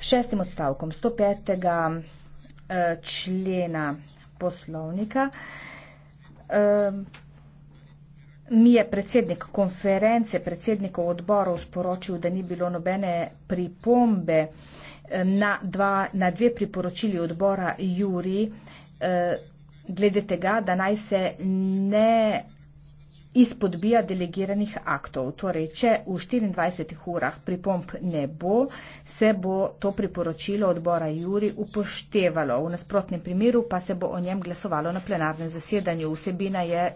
šestim odstavkom 105. Eh, člena poslovnika eh, mi je predsednik konference predsednikov odborov sporočil, da ni bilo nobene pripombe eh, na, dva, na dve priporočili odbora Juri glede tega, da naj se ne izpodbija delegiranih aktov. Torej, če v 24 urah pripomp ne bo, se bo to priporočilo odbora Juri upoštevalo. V nasprotnem primeru pa se bo o njem glasovalo na plenarnem zasedanju. Vsebina je